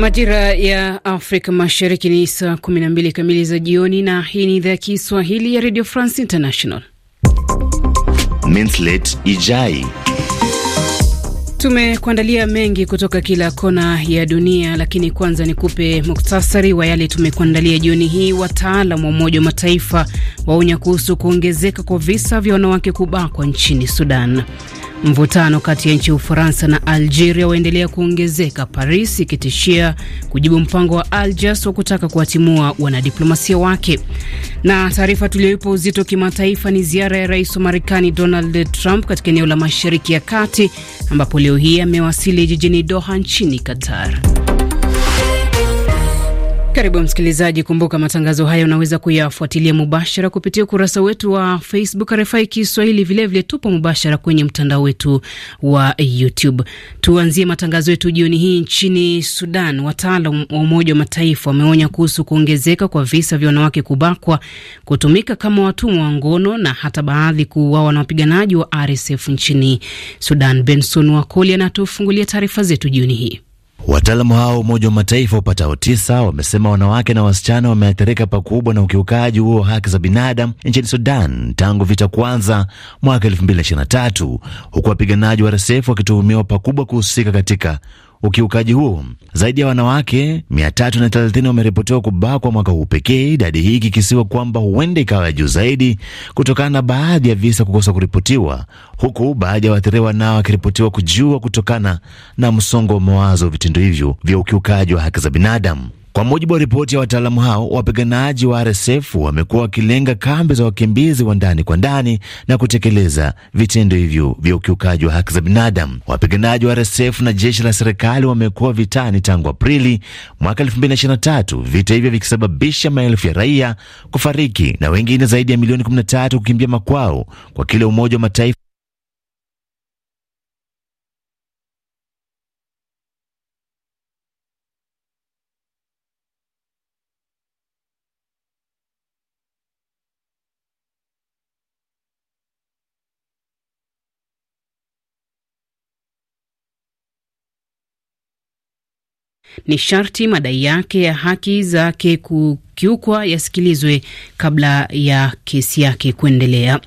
Majira ya Afrika Mashariki ni saa 12 kamili za jioni, na hii ni idhaa ya Kiswahili ya Radio France International. Minslet Ijai tumekuandalia mengi kutoka kila kona ya dunia, lakini kwanza ni kupe muktasari wa yale tumekuandalia jioni hii. Wataalam wa Umoja wa Mataifa waonya kuhusu kuongezeka kwa visa vya wanawake kubakwa nchini Sudan. Mvutano kati ya nchi ya Ufaransa na Algeria waendelea kuongezeka, Paris ikitishia kujibu mpango wa Algiers wa kutaka kuwatimua wanadiplomasia wake. Na taarifa tuliyoipa uzito kimataifa ni ziara ya rais wa Marekani Donald Trump katika eneo la Mashariki ya Kati, ambapo leo hii amewasili jijini Doha nchini Qatar. Karibu msikilizaji, kumbuka matangazo haya unaweza kuyafuatilia mubashara kupitia ukurasa wetu wa Facebook RFI Kiswahili. Vilevile tupo mubashara kwenye mtandao wetu wa YouTube. Tuanzie matangazo yetu jioni hii nchini Sudan. Wataalam wa Umoja wa Mataifa wameonya kuhusu kuongezeka kwa visa vya wanawake kubakwa, kutumika kama watumwa wa ngono na hata baadhi kuuawa na wapiganaji wa RSF nchini Sudan. Benson Wakoli anatufungulia taarifa zetu jioni hii. Wataalamu hao wa Umoja wa Mataifa upatao tisa wamesema wanawake na wasichana wameathirika pakubwa na ukiukaji huo wa haki za binadamu nchini Sudan tangu vita kuanza mwaka 2023 huku wapiganaji wa RSF wakituhumiwa pakubwa kuhusika katika ukiukaji huo. Zaidi ya wanawake 330 wameripotiwa kubakwa mwaka huu pekee, idadi hii ikikisiwa kwamba huenda ikawa ya juu zaidi kutokana na baadhi ya visa kukosa kuripotiwa, huku baadhi ya waathiriwa nao wakiripotiwa kujua kutokana na msongo wa mawazo vitendo hivyo vya ukiukaji wa haki za binadamu. Kwa mujibu wa ripoti ya wataalamu hao, wapiganaji wa RSF wamekuwa wakilenga kambi za wakimbizi wa ndani kwa ndani na kutekeleza vitendo hivyo vya ukiukaji wa haki za binadamu. Wapiganaji wa RSF na jeshi la serikali wamekuwa vitani tangu Aprili mwaka 2023, vita hivyo vikisababisha maelfu ya raia kufariki na wengine zaidi ya milioni 13 kukimbia makwao kwa kile Umoja wa Mataifa Ni sharti madai yake ya haki zake kukiukwa yasikilizwe kabla ya kesi yake kuendelea.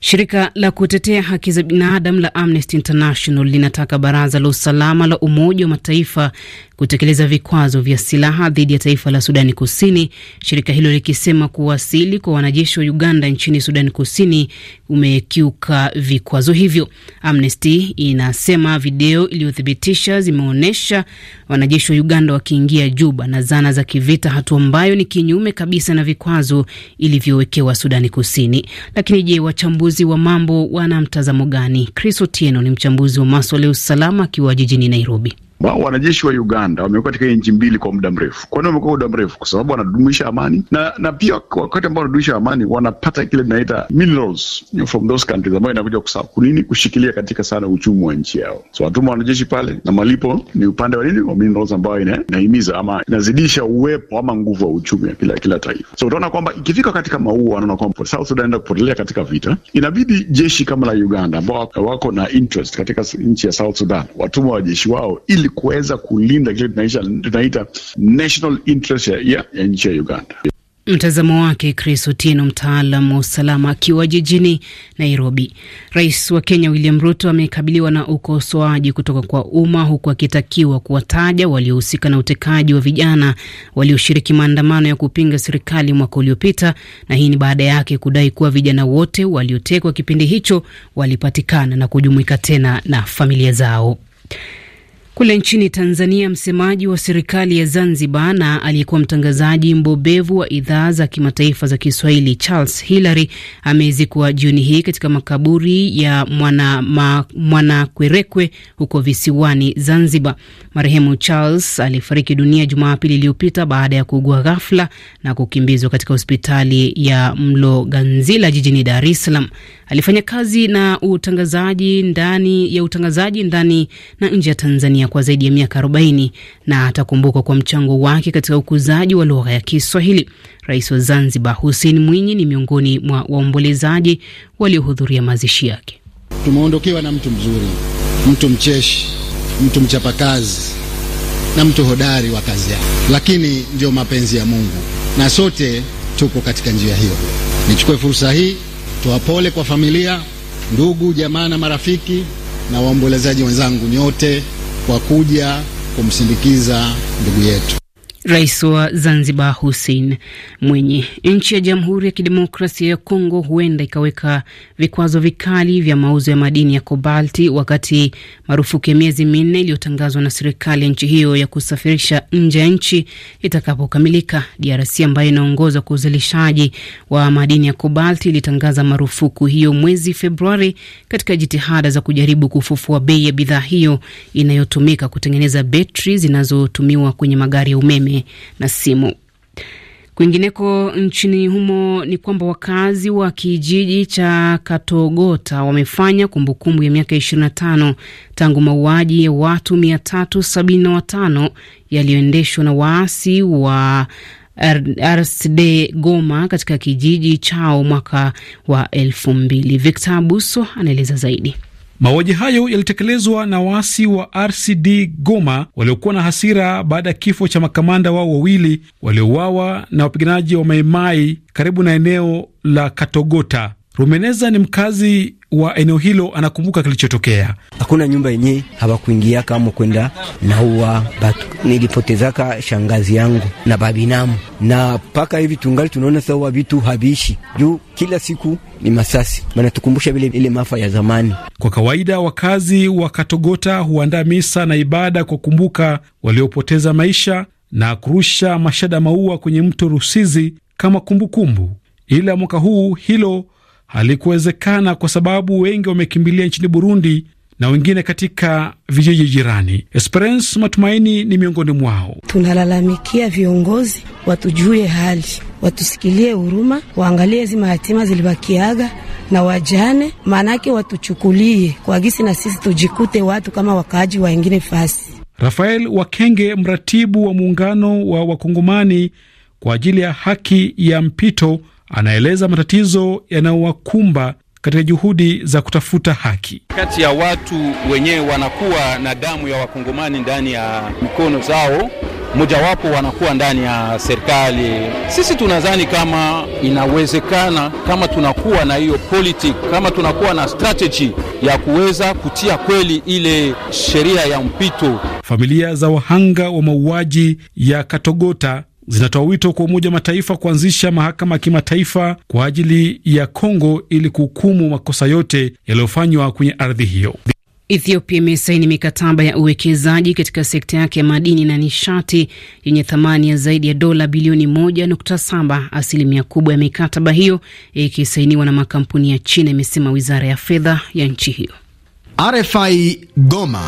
Shirika la kutetea haki za binadamu la Amnesty International linataka baraza la usalama la Umoja wa Mataifa kutekeleza vikwazo vya silaha dhidi ya taifa la Sudani Kusini, shirika hilo likisema kuwasili kwa wanajeshi wa Uganda nchini Sudani Kusini umekiuka vikwazo hivyo. Amnesty inasema video iliyothibitisha zimeonyesha wanajeshi wa Uganda wakiingia Juba na zana za kivita, hatua ambayo ni kinyume kabisa na vikwazo ilivyowekewa Sudani Kusini. Lakini je, wachambuzi wa mambo wana mtazamo gani? Chris Otieno ni mchambuzi wa maswala ya usalama akiwa jijini Nairobi wao wanajeshi wa Uganda wamekuwa katika nchi mbili kwa muda mrefu. Kwa nini wamekuwa muda mrefu? Kwa sababu wanadumisha amani na na pia wakati ambao wanadumisha amani wanapata kile tunaita minerals from those countries, ambayo inakuja kusakunini kushikilia katika sana uchumi wa nchi yao. So watuma wanajeshi pale na malipo ni upande wa nini wa minerals, ambayo ina, inahimiza ama inazidisha uwepo ama nguvu wa uchumi wa kila kila taifa. So utaona kwamba ikifika katika maua, wanaona kwamba South Sudan inaenda kupotelea katika vita, inabidi jeshi kama la Uganda ambao wako na interest katika nchi ya South Sudan watuma wajeshi wao ili ili kuweza kulinda kile tunaita national interest ya nchi ya Uganda. Mtazamo wake Chris Otino, mtaalam wa usalama akiwa jijini Nairobi. Rais wa Kenya William Ruto amekabiliwa na ukosoaji kutoka kwa umma, huku akitakiwa kuwataja waliohusika na utekaji wa vijana walioshiriki maandamano ya kupinga serikali mwaka uliopita, na hii ni baada yake kudai kuwa vijana wote waliotekwa kipindi hicho walipatikana na kujumuika tena na familia zao. Kule nchini Tanzania, msemaji wa serikali ya Zanzibar na aliyekuwa mtangazaji mbobevu wa idhaa za kimataifa za Kiswahili Charles Hilary amezikwa jioni hii katika makaburi ya Mwanakwerekwe mwana huko visiwani Zanzibar. Marehemu Charles alifariki dunia Jumapili iliyopita baada ya kuugua ghafla na kukimbizwa katika hospitali ya Mloganzila jijini Dar es Salaam. Alifanya kazi na utangazaji ndani ya utangazaji ndani na nje ya Tanzania Kenya kwa zaidi ya miaka 40 na atakumbukwa kwa mchango wake katika ukuzaji wa lugha ya Kiswahili. Rais wa Zanzibar Hussein Mwinyi ni miongoni mwa waombolezaji waliohudhuria mazishi yake. Tumeondokewa na mtu mzuri, mtu mcheshi, mtu mchapakazi na mtu hodari wa kazi yake, lakini ndio mapenzi ya Mungu na sote tuko katika njia hiyo. Nichukue fursa hii toa pole kwa familia, ndugu, jamaa na marafiki na waombolezaji wenzangu nyote kwa kuja kumsindikiza ndugu yetu. Rais wa Zanzibar Hussein Mwinyi. Nchi ya Jamhuri ya Kidemokrasia ya Kongo huenda ikaweka vikwazo vikali vya mauzo ya madini ya kobalti, wakati marufuku ya miezi minne iliyotangazwa na serikali ya nchi hiyo ya kusafirisha nje ya nchi itakapokamilika. DRC ambayo inaongoza kwa uzalishaji wa madini ya kobalti ilitangaza marufuku hiyo mwezi Februari katika jitihada za kujaribu kufufua bei ya bidhaa hiyo inayotumika kutengeneza betri zinazotumiwa kwenye magari ya umeme mbali na simu. Kwingineko nchini humo ni kwamba wakazi wa kijiji cha Katogota wamefanya kumbukumbu ya miaka 25 tangu mauaji ya watu 375 yaliyoendeshwa na waasi wa rsd Goma katika kijiji chao mwaka wa elfu mbili. Victor Abuso anaeleza zaidi. Mauaji hayo yalitekelezwa na waasi wa RCD Goma waliokuwa na hasira baada ya kifo cha makamanda wao wawili waliouawa na wapiganaji wa Maimai karibu na eneo la Katogota. Rumeneza ni mkazi wa eneo hilo, anakumbuka kilichotokea. Hakuna nyumba yenye hawakuingia kama kwenda naua batu. Nilipotezaka shangazi yangu na babinamu, na mpaka hivi tungali tunaona sawa vitu haviishi juu kila siku ni masasi, manatukumbusha vile ile mafa ya zamani. Kwa kawaida wakazi wa Katogota huandaa misa na ibada kwa kumbuka waliopoteza maisha na kurusha mashada maua kwenye mto Rusizi kama kumbukumbu kumbu. Ila mwaka huu hilo halikuwezekana kwa sababu wengi wamekimbilia nchini Burundi na wengine katika vijiji jirani. Esperance Matumaini ni miongoni mwao. Tunalalamikia viongozi watujue hali, watusikilie huruma, waangalie hizi mahatima zilibakiaga na wajane, maanake watuchukulie kwa gisi na sisi tujikute watu kama wakaaji waengine fasi. Rafael Wakenge, mratibu wa muungano wa wakongomani kwa ajili ya haki ya mpito anaeleza matatizo yanayowakumba katika juhudi za kutafuta haki. Kati ya watu wenyewe wanakuwa na damu ya wakongomani ndani ya mikono zao, mojawapo wanakuwa ndani ya serikali. Sisi tunadhani kama inawezekana, kama tunakuwa na hiyo politic, kama tunakuwa na strateji ya kuweza kutia kweli ile sheria ya mpito. Familia za wahanga wa mauaji ya Katogota zinatoa wito kwa Umoja wa Mataifa kuanzisha mahakama ya kimataifa kwa ajili ya Kongo ili kuhukumu makosa yote yaliyofanywa kwenye ardhi hiyo. Ethiopia imesaini mikataba ya uwekezaji katika sekta yake ya madini na nishati yenye thamani ya zaidi ya dola bilioni 1.7, asilimia kubwa ya mikataba hiyo ikisainiwa na makampuni ya China, imesema wizara ya fedha ya nchi hiyo. RFI Goma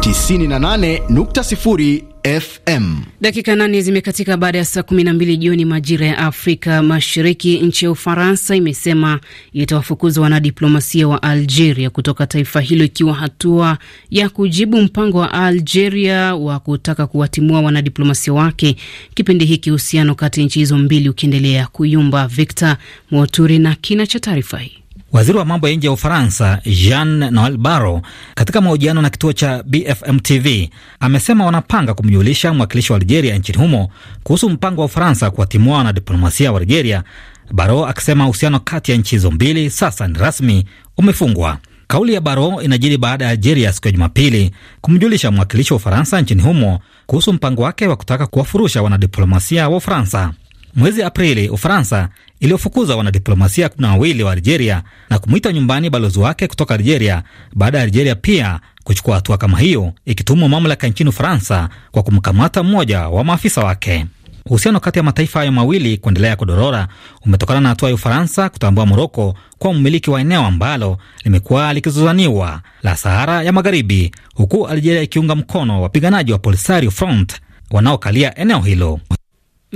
98.0 FM. Dakika nane zimekatika baada ya saa 12 jioni majira ya Afrika Mashariki. Nchi ya Ufaransa imesema itawafukuza wanadiplomasia wa Algeria kutoka taifa hilo, ikiwa hatua ya kujibu mpango wa Algeria wa kutaka kuwatimua wanadiplomasia wake, kipindi hiki uhusiano kati ya nchi hizo mbili ukiendelea kuyumba. Victor Moturi na kina cha taarifa hii Waziri wa mambo ya nje ya Ufaransa Jean Noel Barrot, katika mahojiano na kituo cha BFM TV, amesema wanapanga kumjulisha mwakilishi wa Algeria nchini humo kuhusu mpango wa Ufaransa kuwatimua wanadiplomasia wa Algeria, Barrot akisema uhusiano kati ya nchi hizo mbili sasa ni rasmi umefungwa. Kauli ya baro inajiri baada ya Algeria siku ya Jumapili kumjulisha mwakilishi wa Ufaransa nchini humo kuhusu mpango wake wa kutaka kuwafurusha wanadiplomasia wa Ufaransa. Mwezi Aprili, Ufaransa iliyofukuza wanadiplomasia kumi na wawili wa Algeria na kumwita nyumbani balozi wake kutoka Algeria baada ya Algeria pia kuchukua hatua kama hiyo, ikitumwa mamlaka nchini Ufaransa kwa kumkamata mmoja wa maafisa wake. Uhusiano kati ya mataifa hayo mawili kuendelea kudorora umetokana na hatua ya Ufaransa kutambua Moroko kuwa mmiliki wa eneo ambalo limekuwa likizozaniwa la Sahara ya Magharibi, huku Algeria ikiunga mkono wapiganaji wa Polisario Front wanaokalia eneo hilo.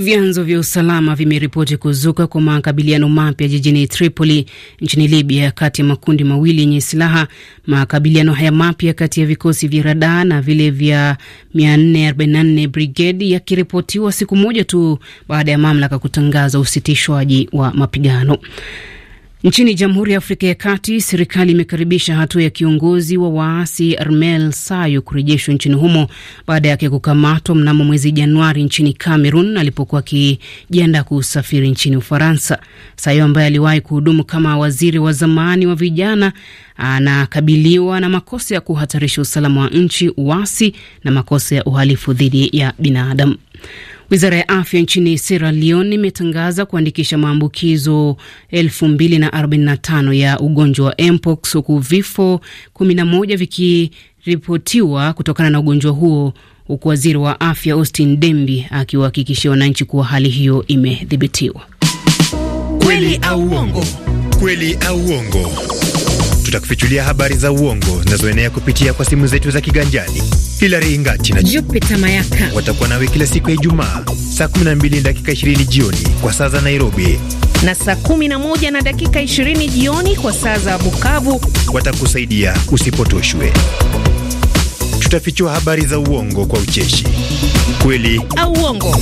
Vyanzo vya usalama vimeripoti kuzuka kwa makabiliano mapya jijini Tripoli nchini Libya kati ya makundi mawili yenye silaha. Makabiliano haya mapya kati ya vikosi vya radaa na vile vya 444 brigade yakiripotiwa siku moja tu baada ya mamlaka kutangaza usitishwaji wa mapigano. Nchini Jamhuri ya Afrika ya Kati, serikali imekaribisha hatua ya kiongozi wa waasi Armel Sayo kurejeshwa nchini humo baada yake kukamatwa mnamo mwezi Januari nchini Cameroon alipokuwa akijiandaa kusafiri nchini Ufaransa. Sayo ambaye aliwahi kuhudumu kama waziri wa zamani wa vijana anakabiliwa na makosa ya kuhatarisha usalama wa nchi, uasi na makosa ya uhalifu dhidi ya binadamu. Wizara ya afya nchini Sierra Leone imetangaza kuandikisha maambukizo 2045 ya ugonjwa wa mpox huku vifo 11 vikiripotiwa kutokana na ugonjwa huo huku waziri wa afya Austin Dembi akiwahakikishia wananchi kuwa hali hiyo imedhibitiwa. Kweli au uongo? Kweli au uongo? tutakufichulia habari za uongo zinazoenea kupitia kwa simu zetu za kiganjani. Hilary Ingati na Jupita Mayaka watakuwa nawe kila siku ya Ijumaa saa 12 dakika 20 jioni kwa saa za Nairobi na saa 11 na dakika 20 jioni kwa saa za Bukavu. Watakusaidia usipotoshwe. Tutafichua habari za uongo kwa ucheshi, kweli au uongo,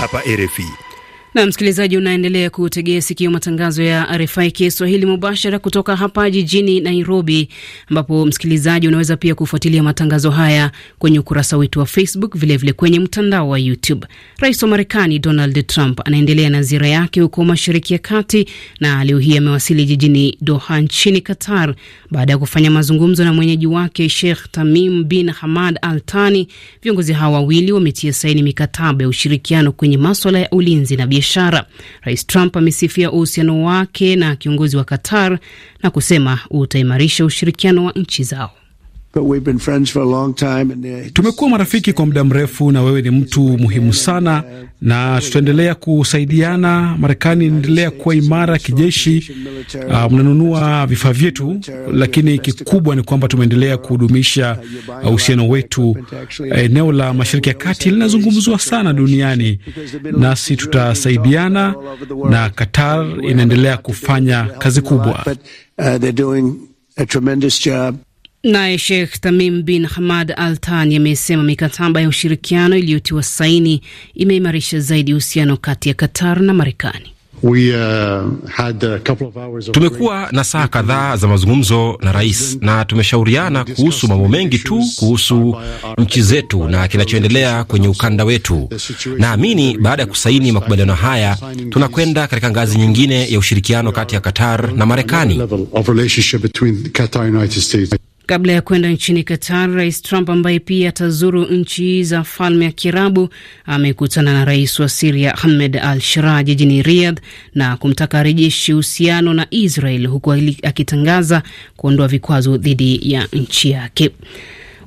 hapa RFI. Na msikilizaji, unaendelea kutegea sikio matangazo ya RFI Kiswahili mubashara kutoka hapa jijini Nairobi, ambapo msikilizaji, unaweza pia kufuatilia matangazo haya kwenye ukurasa wetu wa Facebook, vilevile vile kwenye mtandao wa YouTube. Rais wa Marekani Donald Trump anaendelea na ziara yake huko Mashariki ya Kati, na leo hii amewasili jijini Doha nchini Qatar baada ya kufanya mazungumzo na mwenyeji wake Sheikh Tamim bin Hamad Al Thani. Viongozi hawa wawili wametia saini mikataba ya ushirikiano kwenye maswala ya ulinzi na biashara biashara. Rais Trump amesifia uhusiano wake na kiongozi wa Qatar na kusema utaimarisha ushirikiano wa nchi zao. Tumekuwa marafiki kwa muda mrefu, na wewe ni mtu muhimu sana, na tutaendelea kusaidiana. Marekani inaendelea kuwa imara kijeshi. Uh, mnanunua vifaa vyetu, lakini kikubwa ni kwamba tumeendelea kudumisha uhusiano wetu. Eneo la Mashariki ya Kati linazungumzwa sana duniani, nasi tutasaidiana, na Qatar inaendelea kufanya kazi kubwa. Uh, Naye Sheikh Tamim bin Hamad Al Thani amesema mikataba ya ushirikiano iliyotiwa saini imeimarisha zaidi uhusiano kati ya Qatar na Marekani. uh, tumekuwa na saa kadhaa za mazungumzo na rais na tumeshauriana kuhusu mambo mengi tu kuhusu nchi zetu na kinachoendelea kwenye ukanda wetu. Naamini baada ya kusaini makubaliano haya tunakwenda katika ngazi nyingine ya ushirikiano kati ya Qatar na Marekani. Kabla ya kwenda nchini Qatar, Rais Trump ambaye pia atazuru nchi za Falme ya Kiarabu amekutana na rais wa Siria Ahmed al Shira jijini Riyadh na kumtaka arejeshe uhusiano na Israel, huku akitangaza kuondoa vikwazo dhidi ya nchi yake.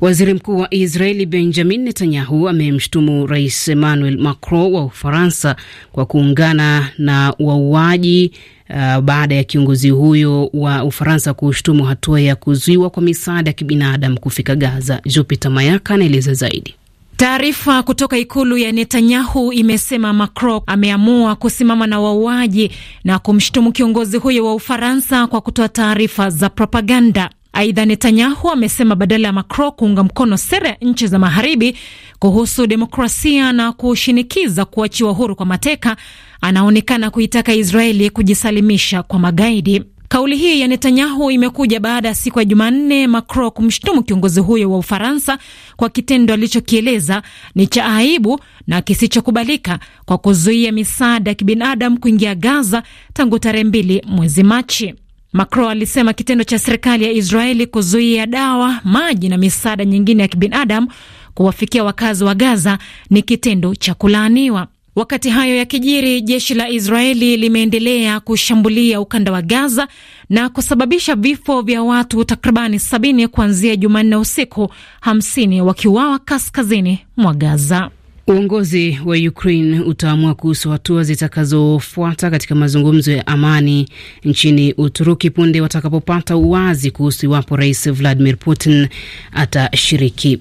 Waziri mkuu wa Israeli Benjamin Netanyahu amemshutumu rais Emmanuel Macron wa Ufaransa kwa kuungana na wauaji uh, baada ya kiongozi huyo wa Ufaransa kushutumu hatua ya kuzuiwa kwa misaada ya kibinadamu kufika Gaza. Jupiter Mayaka anaeleza zaidi. Taarifa kutoka ikulu ya Netanyahu imesema Macron ameamua kusimama na wauaji na kumshutumu kiongozi huyo wa Ufaransa kwa kutoa taarifa za propaganda. Aidha, Netanyahu amesema badala ya Macron kuunga mkono sera ya nchi za magharibi kuhusu demokrasia na kushinikiza kuachiwa huru kwa mateka, anaonekana kuitaka Israeli kujisalimisha kwa magaidi. Kauli hii ya Netanyahu imekuja baada ya siku ya Jumanne Macron kumshutumu kiongozi huyo wa Ufaransa kwa kitendo alichokieleza ni cha aibu na kisichokubalika kwa kuzuia misaada ya kibinadamu kuingia Gaza tangu tarehe mbili mwezi Machi. Macron alisema kitendo cha serikali ya Israeli kuzuia dawa, maji na misaada nyingine ya kibinadamu kuwafikia wakazi wa Gaza ni kitendo cha kulaaniwa. Wakati hayo ya kijiri, jeshi la Israeli limeendelea kushambulia ukanda wa Gaza na kusababisha vifo vya watu takribani sabini kuanzia Jumanne usiku, hamsini wakiuawa kaskazini mwa Gaza. Uongozi wa Ukraine utaamua kuhusu hatua zitakazofuata katika mazungumzo ya amani nchini Uturuki punde watakapopata uwazi kuhusu iwapo Rais Vladimir Putin atashiriki.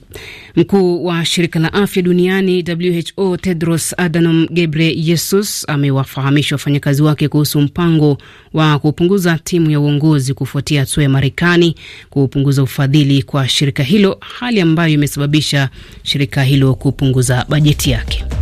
Mkuu wa shirika la afya duniani WHO Tedros Adhanom Ghebreyesus amewafahamisha wafanyakazi wake kuhusu mpango wa kupunguza timu ya uongozi kufuatia hatua ya Marekani kupunguza ufadhili kwa shirika hilo, hali ambayo imesababisha shirika hilo kupunguza bajeti bajeti yake.